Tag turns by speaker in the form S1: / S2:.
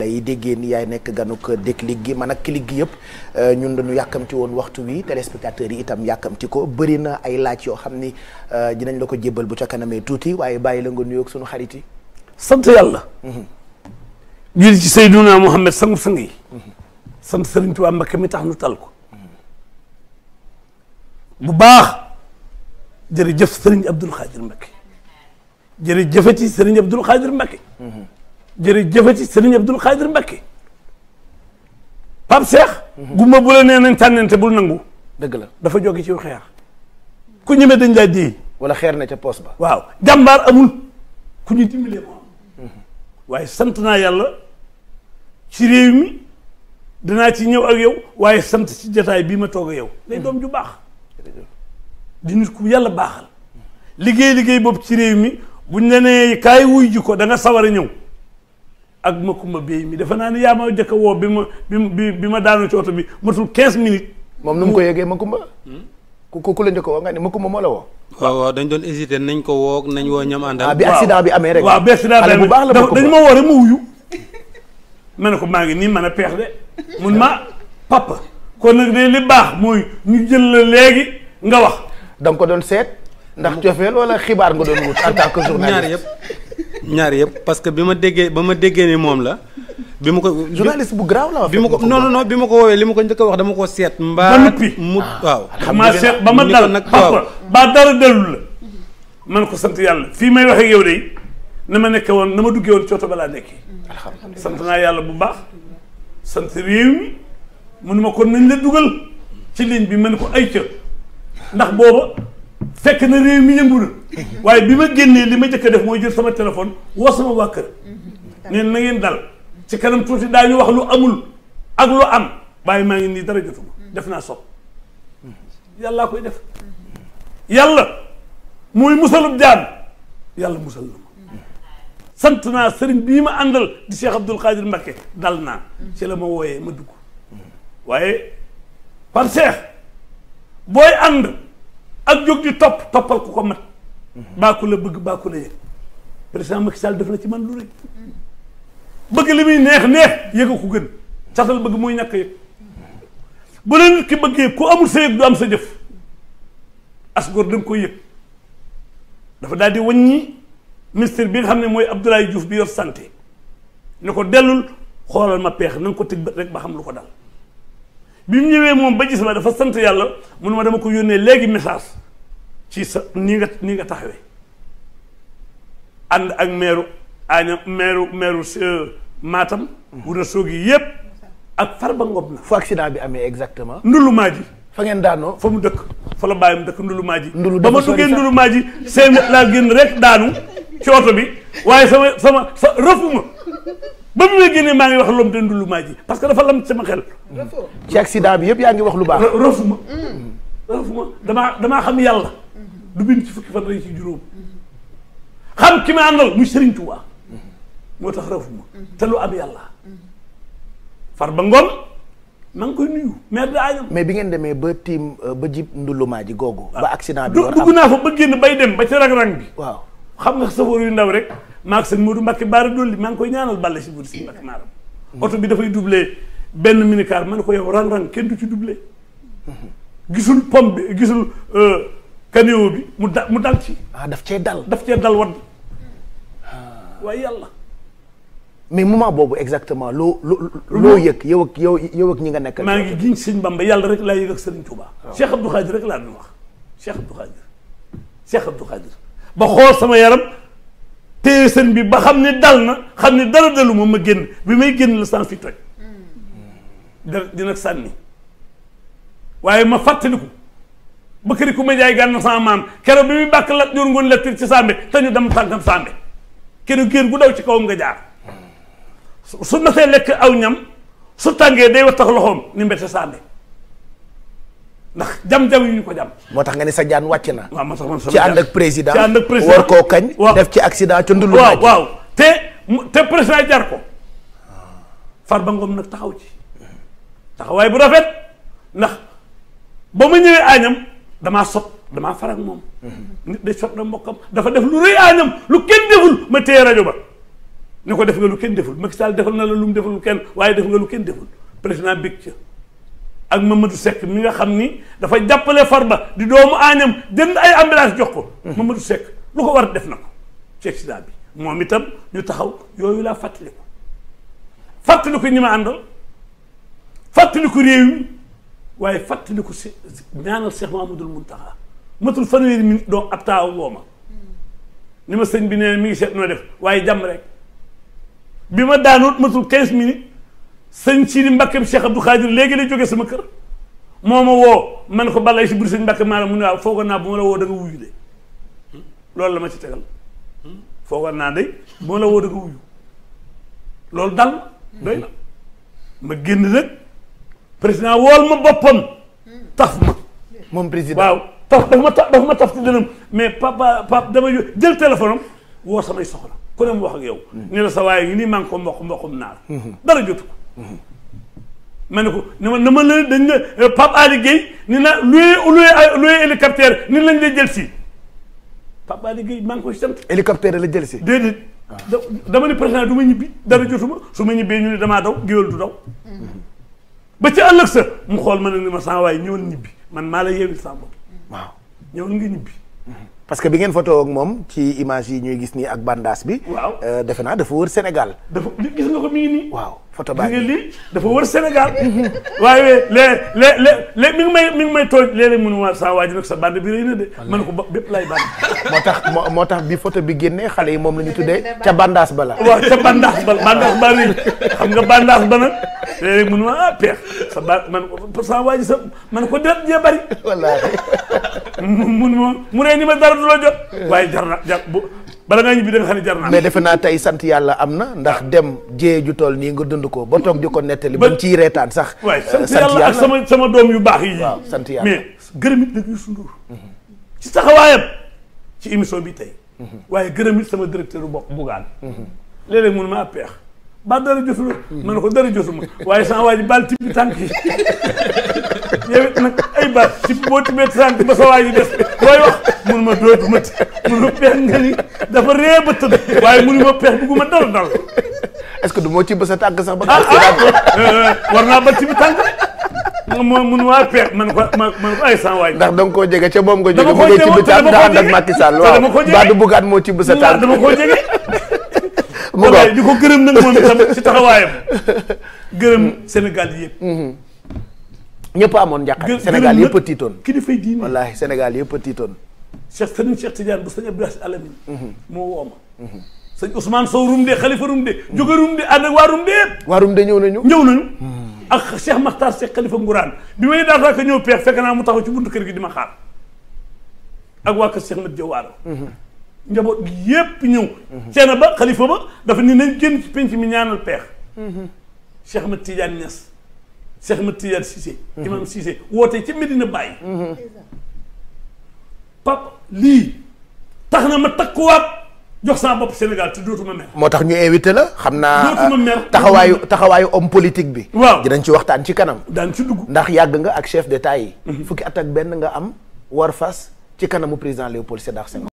S1: lay déggee ni yaay nekk ganuk D'clique gi man ak Clique gi yëpp euh, ñun dañu yàkkamti woon waxtu wi téléspectateurs yi itam yàkkamti ko bëri na ay laaj yoo xam ni euh, dinañ la ko jébbal bu ca kanamee tuuti waaye bàyyi la nga nuyoog sunu xarit yi sant yàlla
S2: juli mhm. ci Seydouna Mouhamed sangu-sang yi mhm. sant Sëriñ Tuubaa Mbakke mi tax nu tal ko bu baax jërëjëf jëf Abdul Xaadir Mbakke jërëjëfati Sëriñ Abdul Xaadir Mbakke mhm. jërëjëfati sëriñ Abdul Xaadir Mbakke Pape Cheikh. gumba bu la nee nañ tànnante bul nangu. dëgg la dafa jóge ci xeex ku ñeme dañ laa déey. wala xeer na ca poos ba. waaw jàmbaar amul ku ñu dimbalee ko waaye sant naa yàlla ci réew mi danaa ci ñëw ak yow waaye sant ci jataay bii ma toog yow. day doom ju baax. di nit ku yàlla baaxal. liggéey liggéey boobu ci réew mi buñ la nee kaay wuy ji ko da sawar a ñëw. ak Makumba Bey mi dafa naa ni yaa ma njëkk woo bi ma bi bi ma daanu ci oto bi matul
S1: 15 minutes. moom nu mu ko yëgee Makumba. ku ku ku la njëkk a woo nga ni ma moo la woo. waaw waaw dañ doon hésité nañ ko woo nañ woo ñam àndal. Ah, waaw bi bi amee rek. waaw bi accident bi amee dañ ma woo rek ma
S2: ma ne ko maa ngi nii man a peex de mun ma papa
S1: kon nag de li baax mooy ñu jël la léegi nga wax. da ko doon seet. ndax cofeel wala xibaar nga doon wut en tant que ñaar yëpp parce que bi ma déggee ba ma déggee ni moom la bi ma ko. journaliste bu graaw la bi ma ko non non bi ma ko woowee li ma ko njëkk a wax dama ko seet. mbaa mu ah, waaw. xam nga seet ba ma dal nag waaw ba dara dalul la.
S2: man ko sant yàlla fii may wax yow de na ma nekkee woon na ma duggee woon cooto balaa nekkee. alhamdulilah sant naa yàlla bu baax. sant réew mi mënuma ko nañ la dugal ci ligne bi ni ko ay ca ndax booba. fekk na réew mi yëngu na waaye bi ma génnee li ma njëkk a def mooy jël sama téléphone woo sama waa kër neen na dal ci kanam tuuti daañu wax lu amul ak lu am waaye maa ngi nii dara jotuma def naa sob yàllaa koy def yàlla mooy musalub jaam yàlla musal la ma sant naa bii ma àndal di Cheikh Abdoul Khadir Mbacké dal naa ci la ma wooyee ma dugg waaye par Cheikh booy ànd ak jóg di topp toppal ku ko mat baa ku la bëgg baa ku la yëg président Macky Sall def na ci man lu rëy bëgg li muy neex neex yëga ko gën satal bëgg muy ñàkk yëg bu la nit ki bëggee amul sa yëg sa jëf as góor da nga koy dafa daal di wàññi ministre bi nga xam ne mooy Abdoulaye Diouf bi yor santé ne ko dellul xoolal ma peex nan ko tëg bët rek ba xam lu ko daal bi mu ñëwee moom ba gis ma dafa sant yàlla mun ma dama ko yónnee léegi message ci sa ni nga ni nga taxawee ànd ak meeru aña meeru meeru euh, Matam. Mm. Wuro Sogi yëpp ak Farba Ngom la. fu accident bi amee exactement. ndulu maa ji. fa ngeen daanoo fa mu dëkk fa la bàyyam dëkk ndulu maa ji. ndulu ba ma duggee ndulu maa seen laa génn rek daanu ci oto bi waaye sama sama sa ba mu may génnee maa ngi wax lom te ndulu maa ji parce que dafa lam sama xel. ci accident bi yëpp yaa ngi wax lu baax. rafuma mm. rafuma damaa damaa xam yàlla. du bind ci fukki fan rek ci juróom. xam ki ma àndal muy Serigne Touba. moo tax rafuma.
S1: te lu am yàlla. far ba ngoon maa ngi koy nuyu maire de Agnam. mais bi ngeen demee ba tiim euh, ba jib ndulu maa ji googu. ba ah. accident bi war dugg naa fa ba génn bay
S2: dem ba ci rang-rang bi. waaw xam nga safoor yu ndaw rek. maa ko sëñ Modou Mbacke dool Dolli maa ngi koy ñaanal Balla si Modou si Mbacke Maaram oto bi dafay doublé benn minicar ma ne ko yow rang-rang kenn du ci doublé gisul pom bi gisul kanéo euh, bi mu da mu dal
S1: ci ah, daf cee dal daf cee dal wadd
S2: ah. waaye yàlla
S1: mais moment boobu exactement loo loo loo yow ak yow yow ak ñi nga nekk maa ngi giñ sëñ Bamba
S2: yàlla rek laa yëg ak sëriñ Touba ah. Cheikh Abdou rek laa doon wax Cheikh Abdou Khadir ba xool sama yaram تي سن بي با خامني دالنا خامني دار دالو ما ما ген بي ماي ген لا سان في توج دينا ساني واي ما فاتنيكو بكري كوما جاي غان سان مام كرو بي مي باك لا دور غون لا تير سي سامبي تاني دام تانكام سامبي كينو كير غو داو سي كاوم غا جار سو ما سي لك او نيام سو تانغي داي وتاخ لوخوم ني مبتي سامبي
S1: ndax jam-jam yu ñu ko jam moo tax nga ne sa jaan wàcc na waaw man sax man ci ànd ak président ci ànd ak président war koo kañ def ci accident ca ndulu waaw waaw te te président
S2: jar ko Farba Ngom nag taxaw ci taxawaay bu rafet ndax ba ma ñëwee añam damaa sot damaa farak moom mm-hmm. nit day sot na mbokkam dafa def lu rëy añam lu kenn deful ma téye rajo ba ni ko def nga lu kenn deful Macky Sall defal na la lu mu deful kenn waaye def nga lu kenn deful président big ca ak Mamadou sek mi nga xamni ni dafa jàppale Farba di doomu anam jënd ay ambulance jox ko. Mamadou sek lu ko war def nako ko ci accident bi mom itam ñu taxaw yoyu la fatali ko fatali ko ñi ma àndal fàttaliku réew mi waye fatali ko ñaanal Cheikh Mamadou muntaha matul fanweeri mi do ab taaw woo ni ma sëñ bi ne mi ngi seet noo def waye jam rek bima ma matul 15 minutes. سنتين بكم شيخ أبو خالد ليجي ليجوا جسم كر ماما هو من خبر ليش برسين بكم ما منا فوق النابو ولا ودك ويجي ده لول لما تشتغل فوق النادي ولا ودك ويجي لول دال دال مجن ذك برسنا وول ما بحن تفهم من برسنا واو تفهم ما تفهم ما تفهم دلهم ما بابا بابا دم يو جل تلفونهم هو سامي سخرا كلهم واحد يوم نيل سواي غني ما نكون ما نكون ما نكون نار درجتكم ma ne ko ne ma ne ma eh, la dañ la Pape Ali Guèye ni na loué loué loué hélicoptère lañ la jël si Pape Ali Guèye maa ngi koy sant. hélicoptère la jël si. déedéet dama ne président du ma ñibbi dara jotuma su ma ñibbee ñu ne damaa daw géwél du daw. ba ci ëllëg sa mu xool ma ne ni ma sans waaye ñëwal ñibbi man maa la yeewil sa bopp. waaw
S1: ñëwal parce que bi ngeen photo ak moom ci image yi ñuy gis nii ak bandaas bi. waaw euh, defe naa dafa wër Sénégal. dafa
S2: gis nga ko mi nii waaw.
S1: photo baa ngi lii dafa wër Sénégal waaye lé lé
S2: lé lé mi ngi may mi ngi may tooj léeg-léeg mu ne sa bande bi man ko bépp lay band
S1: moo motak, moo tax bi photo bi génnee today, yi moom Wah, ñu tuddee ca bandaas ba la waaw ca bandaas apa? bandaas
S2: ba xam nga ba ah, sa man ko saa waaj sa man ko deret jee bari wallaahi mun ma mu ne ni ma dara du la jot eh.
S1: bala ngaa ñibbi da nga xam ne jar naa mais defe naa tey sant yàlla am na ndax ah. dem jee ju tool nii nga dund ko ba toog di ko nettali ba ciy reetaan sax waaye euh, sant yàlla ak sama sama
S2: doom yu baax yi waaw sant yàlla mais gërëm it nag Youssou Ndour ci taxawaayam bi tey mhm. waaye gërëm it sama directeur bu bopp bugaan mhm. léeg-léeg mun ma ah, peex ba dara jotuma mhm. man ko dara jotuma waaye sama waa ji bal tànk yi yow it nag ay baat ci boo tibbee sànq ba sa waay di des booy wax mun ma dootu ma mun ma pex nga ni dafa ree ba tëdd waaye munu ma pex bugguma dal dal
S1: est-ce que du moo ci bës a tànk sax ba ah, ah,
S2: ah, war naa ba ci bi tànk moo mun
S1: waa pex man ko ma man ko ay san waay ndax danga koo jege ca moom nga jóge mu ngi ci bi tànk ndax ànd ak Macky Sall waaw baa du bugaat moo ci bës a tànk dama koo jege
S2: mu ko di ko gërëm nag moom itam ci taxawaayam
S1: gërëm mm-hmm. Sénégal yëpp mm-hmm. ñépp amoon njàqare Sénégal yëpp a tiitoon kilifay diine wallaahi Sénégal yëpp a tiitoon Cheikh Serigne Cheikh Tidiane
S2: bu sëñ Abdoulaye Alamine mhm. moo woo ma mhm. sëñ Ousmane Sow Rumde xalifa Rumde jóge Rumde ànd ak waa Rumde waa Rumde ñëw nañu ñëw nañu mhm. ak Cheikh Makhtar Cheikh xalifa Ngourane bi may daataa ko ñëw peex fekk naa mu taxaw ci buntu kër gi di ma xaar ak waa kër Cheikh Mat Jawaar njaboot yépp ñëw seena ba xalifa ba dafa ni nañ génn ci penc mi ñaanal peex Cheikh ma Cissé. imam Cissé woote ca Medina Baye. pap lii tax na ma takkuwaat. jox saa bopp Sénégal dootu dootuma mer.
S1: moo tax ñu invité la xam naa. dootuma mer taxawaayu taxawaayu homme politique bi. waaw dinañ ci waxtaan ci kanam. daan ci dugg ndax yàgg nga ak chef d'état yi. Mhm. fukki at ak benn nga am war fas ci kanamu président Léopold Sédar Senghor.